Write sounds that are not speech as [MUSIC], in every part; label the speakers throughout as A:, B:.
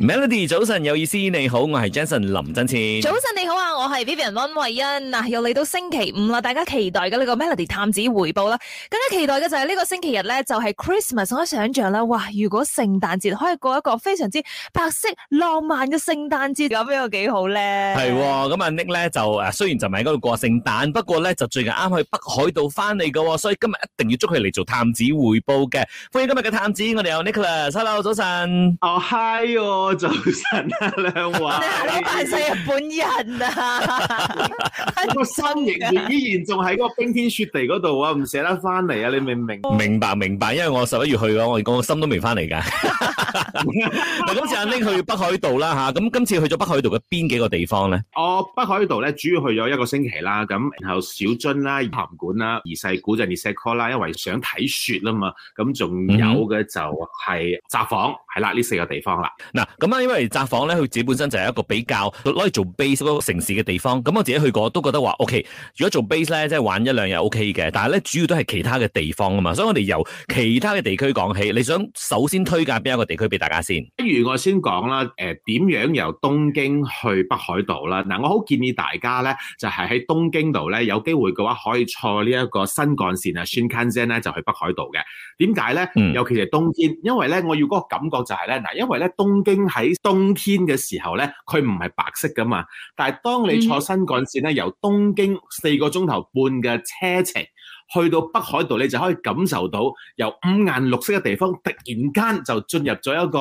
A: Melody，早晨有意思，你好，我係 Jason 林振志。早
B: 晨你好啊，我係 Vivian 溫慧欣。嗱，又嚟到星期五啦，大家期待嘅呢個 Melody 探子回報啦。更加期待嘅就係呢個星期日咧，就係、是、Christmas。我以想象啦，哇！如果聖誕節可以過一個非常之白色浪漫嘅聖誕節，有邊有幾好咧？係
A: 咁啊，Nick 咧就誒，雖然就唔喺嗰度過聖誕，不過咧就最近啱去北海道翻嚟噶，所以今日一定要捉佢嚟做探子回報嘅。歡迎今日嘅探子，我哋有 Nicholas，Hello，早晨。哦、oh，Hi。Oh.
C: 我
B: 就剩阿兩位，係成 [LAUGHS] 日本人啊！ [LAUGHS] [LAUGHS] 個身形
C: 依然仲喺個冰天雪地嗰度啊，唔捨得翻嚟啊！你明唔明？明白
A: 明白，明白，因為我十一月去嘅，我哋個心都未翻嚟噶。嗱，今次阿 Nick 去北海道啦吓，咁今次去咗北海道嘅邊幾個地方咧？
C: 哦，北海道咧主要去咗一個星期啦，咁然後小樽啦、函館啦、二世古鎮二世古啦，因為想睇雪啊嘛，咁仲有嘅就係札幌，係、嗯、啦呢四個地方啦。嗱。 [LAUGHS]
A: 咁啊，因為札幌咧，佢自己本身就係一個比較攞嚟做 base 嗰個城市嘅地方。咁我自己去過都覺得話，OK。如果做 base 咧，即係玩一兩日 OK 嘅。但係咧，主要都係其他嘅地方啊嘛。所以我哋
C: 由其他嘅地區講起。你想首先推介邊一個地區俾大家先？不如我先講啦。誒、呃，點樣由東京去北海道啦？嗱、呃，我好建議大家咧，就係、是、喺東京度咧有機會嘅話，可以坐呢一個新幹線啊，Shinkansen 咧，就去北海道嘅。點解咧？嗯、尤其係冬天，因為咧，我要嗰個感覺就係、是、咧，嗱、呃，因為咧東京。喺冬天嘅時候咧，佢唔係白色噶嘛，但係當你坐新幹線咧，由東京四個鐘頭半嘅車程。去到北海道，你就可以感受到由五顏六色嘅地方，突然間就進入咗一個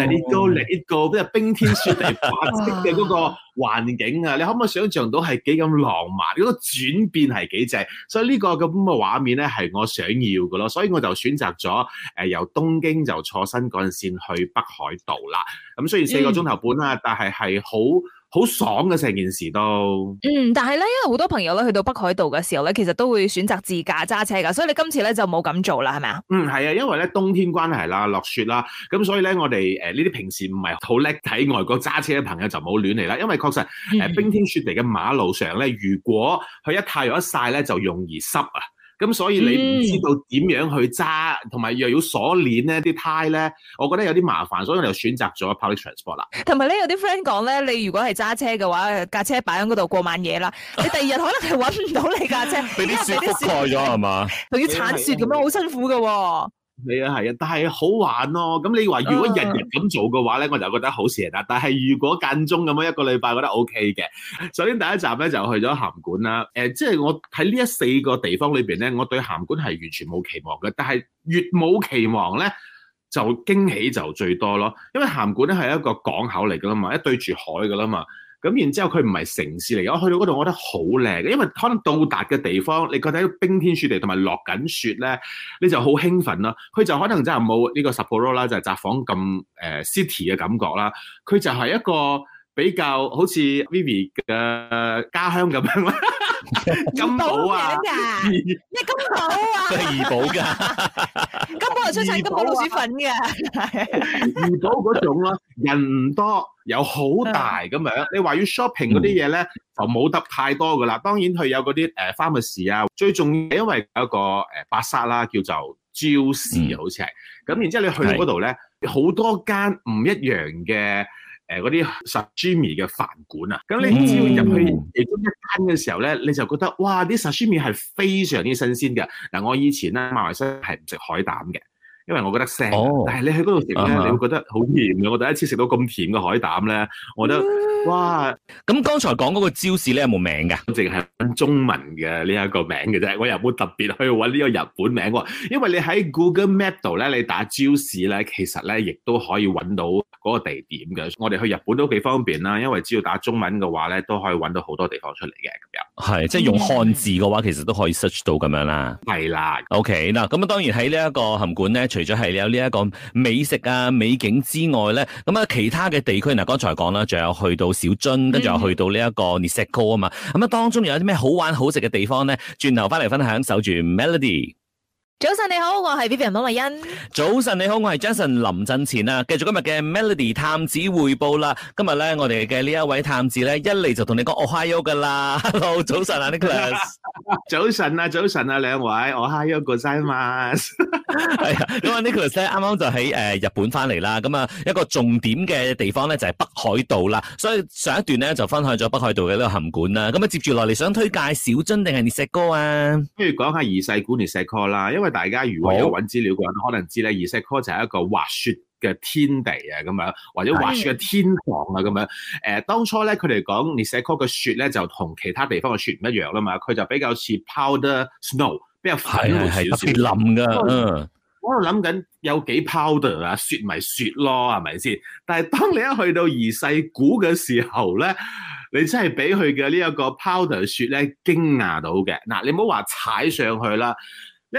C: 嚟到嚟到，即係冰天雪地白色嘅嗰個環境啊！你可唔可以想像到係幾咁浪漫？嗰、嗰個轉變係幾正？所以呢個咁嘅畫面咧，係我想要嘅咯。所以我就選擇咗誒、呃、由東京就坐新幹線去北海道啦。咁雖然四個鐘頭半啦，但係係好。好爽嘅成件事都，嗯，
B: 但係咧，因為好多朋友咧去到北海道嘅時候咧，其實都會選擇自駕揸車噶，所以你今次咧就冇咁做啦，
C: 係咪啊？嗯，係啊，因為咧冬天關係啦，落雪啦，咁所以咧我哋誒呢啲平時唔係好叻睇外國揸車嘅朋友就冇亂嚟啦，因為確實誒、嗯呃、冰天雪地嘅馬路上咧，如果佢一太陽一曬咧，就容易濕啊。咁所以你唔知道點樣去揸，同埋又要鎖鏈呢啲胎咧，我覺得有啲麻煩，所以就選擇咗 public transport 啦。
B: 同埋咧有啲 friend 講咧，你如果係揸車嘅話，架車擺喺嗰度過晚夜啦，你第二日可能係揾唔到你架車，
A: 俾啲 [LAUGHS] 雪覆
C: 蓋咗係嘛？仲要鏟雪
B: 咁樣，好的辛苦
C: 㗎喎、哦！係啊，係啊，但係好玩咯、哦。咁你話如果日日咁做嘅話咧，uh、我就覺得好事啦。但係如果間中咁樣一個禮拜，覺得 O K 嘅。首先第一集咧就去咗函館啦。誒、呃，即、就、係、是、我喺呢一四個地方裏邊咧，我對函館係完全冇期望嘅。但係越冇期望咧，就驚喜就最多咯。因為函館咧係一個港口嚟噶啦嘛，一對住海噶啦嘛。咁然之後佢唔係城市嚟嘅，我去到嗰度我覺得好靚嘅，因為可能到達嘅地方，你覺得喺冰天雪地同埋落緊雪咧，你就好興奮咯。佢就可能真係冇呢個 Sapporo 啦，就係札幌咁誒 city 嘅感覺啦。佢就係一個比較好似 Vivi 嘅家鄉咁樣啦。 [LAUGHS] 金寶啊，咩 [LAUGHS] 金寶啊？即係二寶㗎。 [LAUGHS]
B: 根本係出曬都冇老鼠粉嘅，
C: 遇到 [LAUGHS] 寶嗰種人唔多，有好大咁樣。你話要 shopping 嗰啲嘢咧，嗯、就冇得太多噶啦。當然佢有嗰啲誒花木市啊，最重要因為有一個誒白沙啦，叫做朝市，好似係。咁然之後你去到嗰度咧，好的多間唔一樣嘅。誒嗰啲 sashimi 嘅飯館啊，咁你只要入去其中、嗯、一間嘅時候呢，你就覺得哇啲 sashimi 係非常之新鮮嘅。嗱、啊，我以前呢，馬來西亞係唔食海膽嘅。因為我覺得腥，oh, 但係你喺嗰度食咧，uh huh. 你會覺得好甜嘅。我第一次食到咁甜嘅海膽咧，我覺得 Yeah. 哇！咁剛才講嗰個朝市咧有冇名㗎？淨係揾中文嘅呢一個名嘅啫，我又冇特別去揾呢個日本名。因為你喺 Google Map 度咧，你打朝市咧，其實咧亦都可以揾到嗰個地點嘅。我哋去日本都幾方便啦，因為只要打中文嘅話咧，都可以揾到好多地方出嚟嘅咁
A: 樣。係，即係用漢字嘅話，嗯、其實都可以 search 到咁樣啦。係啦了。OK，嗱，咁啊，當然喺呢一個函館咧。除咗係有呢一個美食啊、美景之外咧，咁啊其他嘅地區嗱，剛才講啦，仲有去到小樽，跟住又去到呢一個 Niseko 啊嘛，咁啊、嗯、當中有啲咩好玩好食嘅地方咧？轉頭翻嚟分享守，守住 Melody。早晨你好，我係 Vivian 温慧欣。早晨你好，我係 Jason 林振前啊。繼續今日嘅 Melody 探子回報啦。今日咧，我哋嘅呢一位探子咧，一嚟就同你講 Ohayo 噶啦。Hello, [LAUGHS]
C: 早晨啊 Nicholas，早晨啊早晨啊兩位，Ohayo gozaimasu
A: 係啊，咁啊 Nicholas 啱啱就喺誒、呃、日本翻嚟啦。咁啊，一個重點嘅地方咧就係、是、北海道啦。所以上一段咧就分享咗北海道嘅呢個函館啦。咁啊接住落嚟想
C: 推介小樽定係 Niseko 啊？不如講一下二世古 Niseko 啦，因為。大家如果要揾資料嘅話，好可能知咧，二世科就係一個滑雪嘅天地啊，咁樣或者滑雪嘅天堂啊，咁、哎、樣。誒、呃，當初咧，佢哋講二世科嘅雪咧，就同其他地方嘅雪唔一樣啦嘛，佢就比較似 powder snow，比較粉少少。係啊，冧噶。嗯、我喺度諗緊有幾 powder 啊，雪咪雪咯，係咪先？但係當你一去到二世谷嘅時候咧，你真係俾佢嘅呢一個 powder 雪咧驚訝到嘅。嗱、啊，你唔好話踩上去啦。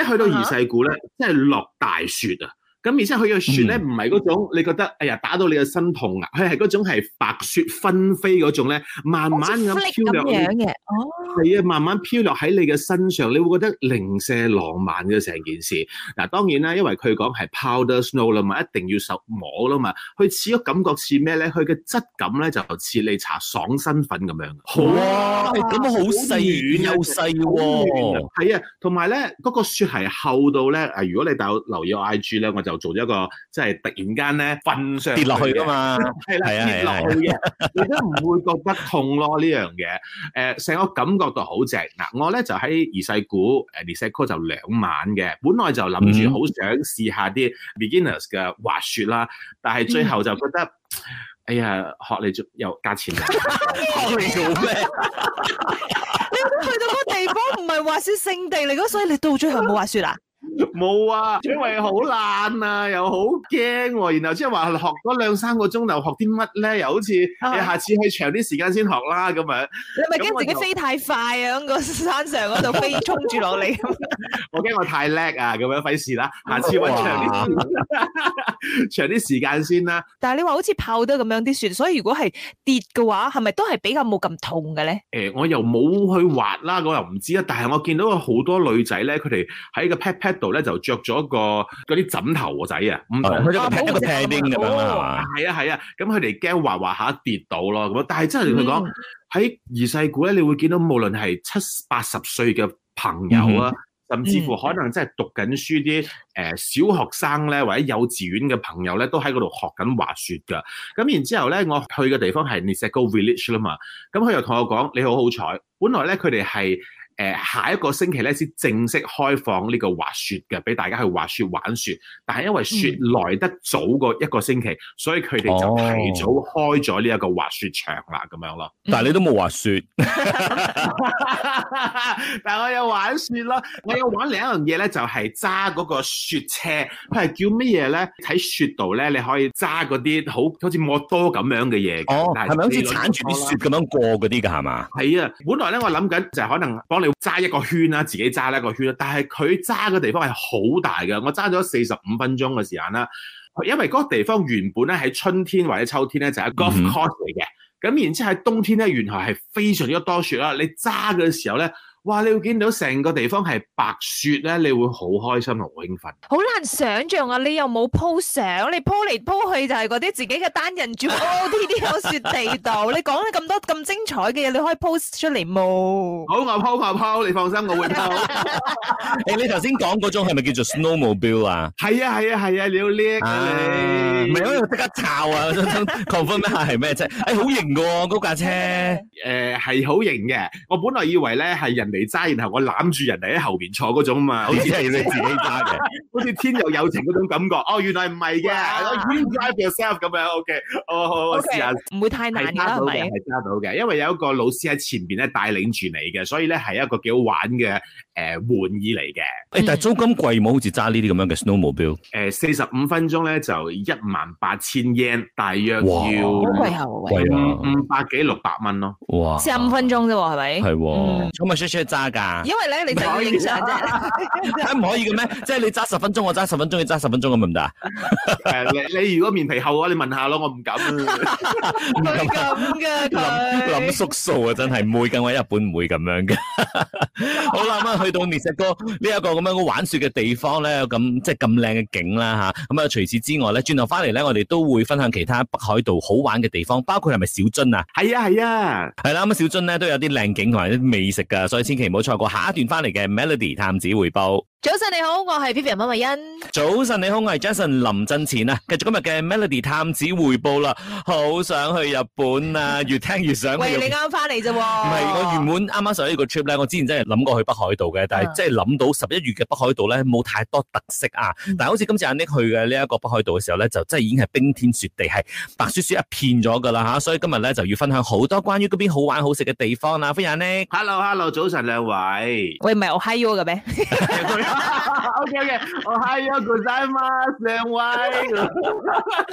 C: 一去到二世谷呢、uh huh. 真係落大雪啊！咁而且佢嘅雪咧唔係，嗰種你覺得哎呀打到你嘅身痛啊！佢係嗰種係白雪紛飛嗰種咧，慢慢咁飄落你樣，係、哦、啊，慢慢飄落喺你嘅身上，你會覺得零舍浪漫嘅成件事。嗱，當然啦，因為佢講係 powder snow 啦嘛，一定要手摸啦嘛，佢似咗感覺似咩咧？佢嘅質感咧就似你搽爽身粉咁樣好啊，啊，咁好細軟又、啊、細喎、啊嗯，係啊，同埋咧嗰個雪係厚到咧，如果你大有留意我 IG 咧，我就。做咗一個即係突然間咧，瞓上跌落去噶嘛，係啦跌落去嘅，的的你都唔會覺得痛咯呢 [LAUGHS] 樣嘢。誒、呃，成個感覺都好正。嗱、呃。我咧就喺二世古，誒二世古就兩晚嘅。本來就諗住好想試下啲 beginners 嘅滑雪啦，但係最後就覺得，嗯、哎呀，學你做又價錢， [LAUGHS] [LAUGHS] 學你做咩？
B: [LAUGHS] 你去到個地方唔係滑雪聖地嚟噶，所以你到最後冇滑雪啦、啊。
C: 冇啊，因為好爛啊，又好驚喎。然後即係話學嗰兩三個鐘頭學啲乜咧，又好似你下次去長啲時間先學啦咁樣。
B: 你咪驚自己飛太快啊，個山上嗰度飛沖住落嚟。
C: [LAUGHS] [LAUGHS] 我驚我太叻啊，咁樣費事啦，下次搵長啲時間。 [LAUGHS] 長啲時間先啦。
B: 但係你話好似泡得咁樣啲船，所以如果係跌嘅話，係咪都係比較冇咁痛嘅咧？
C: 誒、欸，我又冇去滑啦，我又唔知啊。但係我見到有好多女仔咧，佢哋喺個 pat pat 度咧就着咗個嗰啲枕頭仔啊，唔同、嗯、一個 pat 一嘅。哦，係啊係啊，咁佢哋驚滑滑下跌到咯。咁但係真係佢講喺二世古咧，你會見到無論係七八十歲嘅朋友啊。嗯甚至乎可能真係讀緊書啲誒小學生咧，或者幼稚園嘅朋友咧，都喺嗰度學緊滑雪㗎。咁然之後咧，我去嘅地方係 Niseko Village 啦嘛。咁佢又同我講：你好好彩，本來咧佢哋係。誒下一個星期咧先正式開放呢個滑雪嘅，俾大家去滑雪玩雪。但係因為雪來得早過一個星期，嗯、所以佢哋就提早開咗呢一個滑雪場啦，咁樣咯。但係你都冇滑雪， [LAUGHS] [LAUGHS] [LAUGHS] 但係我有玩雪咯。我有玩另一樣嘢咧，就係揸嗰個雪車，佢係叫乜嘢咧？喺雪度咧，你可以揸嗰啲好好似摩托咁樣嘅嘢。哦，係咪是好似鏟住啲雪
A: 咁樣過嗰啲㗎？係嘛？
C: 係啊，本來咧我諗緊就係可能幫你。要揸一個圈啦，自己揸一個圈啦，但係佢揸嘅地方係好大嘅，我揸咗四十五分鐘嘅時間啦，因為嗰個地方原本咧喺春天或者秋天咧就係、是、golf course 嚟嘅。咁、嗯、然之後喺冬天咧，原來係非常之多雪啦，你揸嘅時候咧，哇！你會見到成個地方係白雪咧，你會好開心同好興奮。
B: 好難想象啊！你又冇 po 相，你 po 嚟 po 去就係嗰啲自己嘅單人住 po 啲啲落雪地度。你講咗咁多咁精彩嘅嘢，你可以 po 出嚟冇？
C: 好，我 po 我 po，你放心我會 po。
A: 誒，你頭先講嗰種係咪叫做 snowmobile 啊？
C: 係啊係啊係啊！你好叻啊你，唔係我又即刻抄啊！confirm 吓係咩啫？誒，好型㗎喎嗰架車，誒係好型嘅。我本來以為咧係人哋。你揸，然後我攬住人哋喺後邊坐嗰種嘛，好似係你自己揸嘅，好似天若有情嗰種感覺。哦，原來唔係嘅，Drive yourself 咁樣。OK，好好，試下唔會太難嘅啦，係揸到嘅，因為有一個老師喺前邊咧帶領住你嘅，所以咧係一個幾好玩嘅誒玩意嚟嘅。
A: 誒，但係租金貴冇？好似揸呢啲咁樣
C: 嘅 snowmobile。誒，四十五分鐘咧就一萬八千 yen，大約要五五百幾六百蚊咯。哇，四
B: 十五分鐘啫喎，係咪？係喎，咁
A: 啊，揸噶，因為咧
B: 你我影相啫，啊
A: [LAUGHS] 啊，係唔可以嘅咩？即係你揸十分鐘，我揸十分鐘，你揸十分鐘咁咪唔得？ [LAUGHS] 你你如果面皮厚，我你問下咯，我唔敢， [LAUGHS] 敢嗎，唔敢！咁嘅想，諗諗縮數啊，真係唔會咁，我日本，唔會咁樣嘅。好啦，咁去到聶食哥呢一個咁樣玩雪嘅地方咧，咁即係咁靚嘅景啦吓。咁啊，除此之外咧，轉頭翻嚟咧，我哋都會分享其他北海道好玩嘅地方，包括係咪小樽啊？係啊係啊，係啦咁啊，嗯、小樽咧都有啲靚景同埋啲美食噶，所以。千祈唔好錯過下一段翻嚟嘅 Melody 探子回報。
B: 早晨你好，我係 Vivian 潘慧欣。
A: 早晨你好，我係 Jason 林振前啊。繼續今日嘅 Melody 探子回報啦，好想去日本啊，越聽越想。 [LAUGHS] 喂，你啱啱
B: 翻嚟啫，唔係我
A: 原本啱啱上咗一個 trip 咧，我之前真係諗過去北海道嘅，但係真係諗到十一月嘅北海道咧，冇太多特色啊。但係好似今次阿 Nic 去嘅呢一個北海道嘅時候咧，就真係已經係冰天雪地，係白雪雪一片咗噶啦吓。所以今日咧就要分享好多關於嗰邊好玩好食嘅地方啦。歡迎阿 Nic。Hello，Hello，早晨兩位。
B: 喂，唔係我嗨咗嘅咩？ [LAUGHS] O K O K，我 Hi，Good 上位。嗱、 [LAUGHS] okay, okay.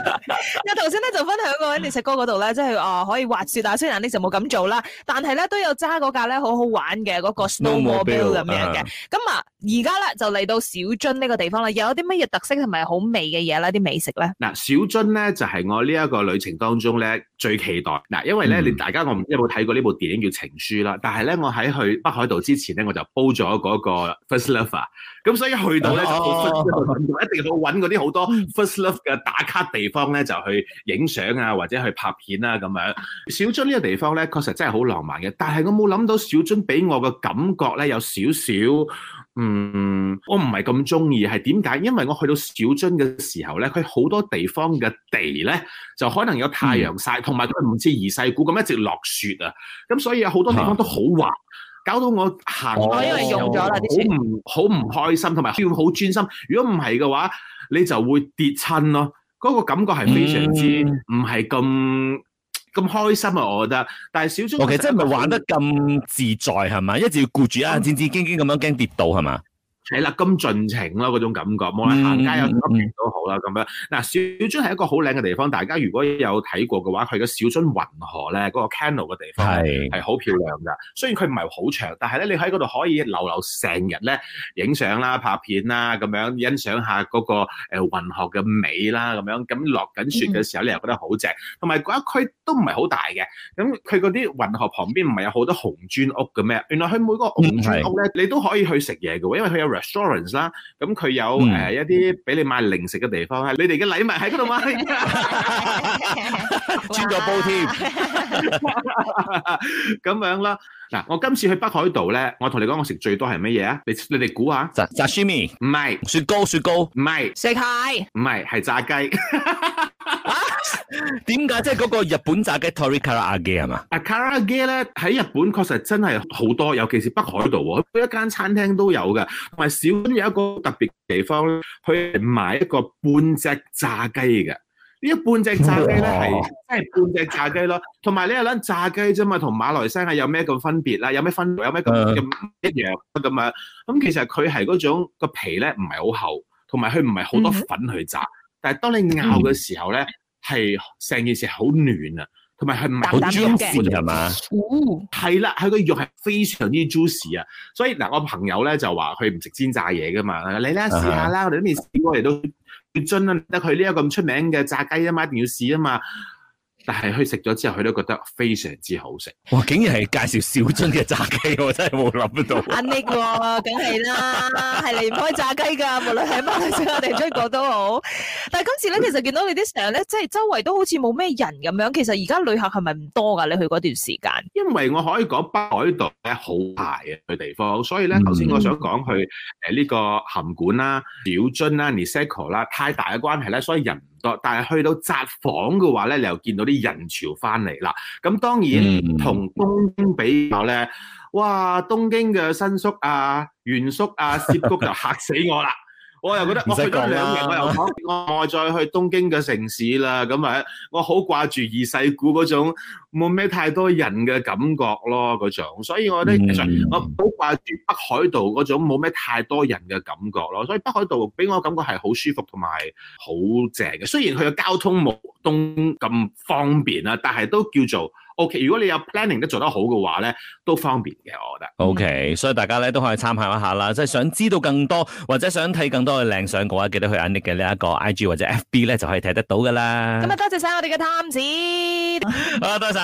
B: oh,，頭先咧就分享過喺 Niseko 嗰度咧，即係哦可以滑雪，但雖然你就冇咁做啦，但係咧都有揸嗰架咧好好玩嘅嗰、那個 Snowmobile 咁樣嘅。咁啊、no, uh，而家咧就嚟到小樽呢個地方啦，有啲乜嘢特色同埋好味嘅嘢啦，啲美食咧？
C: 嗱、啊，小樽咧就係、是、我呢一個旅程當中咧最期待嗱，因為咧、mm. 你大家我唔知有冇睇過呢部電影叫情書啦，但係咧我喺去北海道之前咧，我就煲咗嗰個 First Lover。咁所以去到咧就一定要揾嗰啲好多 first love 嘅打卡地方咧，就去影相啊，或者去拍片啊咁樣。小樽呢個地方咧，確實真係好浪漫嘅。但係我冇諗到小樽俾我嘅感覺咧，有少少嗯，我唔係咁中意。係點解？因為我去到小樽嘅時候咧，佢好多地方嘅地咧，就可能有太陽曬，同埋佢唔似二世古咁一直落雪啊。咁所以有好多地方都好滑。搞到我行、哦，因為用咗啦啲好唔好唔開心，同埋要好專心。如果唔係嘅話，你就會跌親咯。嗰、嗰個感覺係非常之唔係咁咁開心啊！我覺得，但係少少。其實即係唔係玩得咁自在係嘛？一直要顧住啊，嗯、戰戰兢兢咁樣驚跌到係嘛？係啦，咁、哎、盡情咯嗰種感覺，無論行街有乜嘢都好啦，咁、嗯嗯、樣嗱，小樽係一個好靚嘅地方。大家如果有睇過嘅話，佢嘅小樽運河咧，嗰、那個 canal 嘅地方係係好漂亮㗎。是雖然佢唔係好長，但係咧你喺嗰度可以留留成日咧影相啦、拍片啦，咁樣欣賞下嗰、那個誒、呃、運河嘅美啦，咁樣咁落緊雪嘅時候你又覺得好正。同埋嗰一區都唔係好大嘅，咁佢嗰啲運河旁邊唔係有好多紅磚屋嘅咩？原來佢每個紅磚屋咧，是你都可以去食嘢嘅喎，因為佢有。restaurant 啦，咁佢有誒一啲俾你買零食嘅地方，你哋嘅禮物喺嗰度買，轉咗煲添，咁樣啦。嗱，我今次去北海道咧，我同你講，我食最多係乜嘢啊？你你哋估下，炸炸燒麵，唔係雪糕雪糕，唔係石蟹，唔係係炸雞。點解即係嗰個日本炸雞 tori karage 係嘛？啊，karage 咧喺日本確實真係好多，尤其是北海道喎、啊，每一間餐廳都有嘅。同埋少有一個特別地方，去買一個半隻炸雞嘅。隻雞呢一、哦、半隻炸雞咧係即係半隻炸雞咯。同埋你又諗炸雞啫嘛，同馬來西亞有咩咁分別啦？有咩分別？有咩咁咁一樣咁樣？咁其實佢係嗰種個皮咧唔係好厚，同埋佢唔係好多粉去炸。但係當你咬嘅時候咧。嗯係成件事好暖啊，同埋係唔係好 juicy 嘅嘛？係啦，佢個肉係非常之 juicy 啊，所以嗱，我朋友咧就話佢唔食煎炸嘢嘅嘛，你咧試下啦，uh huh. 我哋都未試過嚟到粵津啦，得佢呢一個咁出名嘅炸雞啊嘛，一定要試啊嘛。但係佢食咗之後，佢都覺得非常之好食。我竟然係介紹小樽嘅炸雞， [LAUGHS] 我真係冇諗到。
B: 肯定喎，梗係啦，係離唔開炸雞噶，無論喺北海道定喺日本都好。但係今次咧，其實見到你啲相咧，即係周圍都好似冇咩人咁樣。其實而家旅客係咪唔多噶？你去嗰段時間？
C: 因為我可以講北海道咧好大嘅地方，所以咧頭先我想講去誒呢個函館啦、小樽啦、Niseko 啦，太大嘅關係咧，所以人。但係去到札幌嘅話咧，你又見到啲人潮翻嚟啦。咁當然同東京比較咧，嗯、哇！東京嘅新宿啊、原宿啊、涉谷就嚇死我啦！ [LAUGHS] 我又覺得我去，我唔使講兩年，我又可外再去東京嘅城市啦。咁啊，我好掛住二世古嗰種。冇咩太多人嘅感覺咯，嗰種，所以我覺得其實我好掛住北海道嗰種冇咩太多人嘅感覺咯，所以北海道俾我感覺係好舒服同埋好正嘅。雖然佢嘅交通冇東咁方便啦，但係都叫做 O.K. 如果你有 planning 都做得好嘅話咧，都方便嘅。我覺得
A: O.K. 所以大家咧都可以參考一下啦。即係想知道更多或者想睇更多嘅靚相嘅話，記得去 Nic 嘅呢一個 I.G. 或者 F.B. 咧就可以睇得到噶啦。咁啊，
B: 多謝晒我哋嘅探子。好，多謝。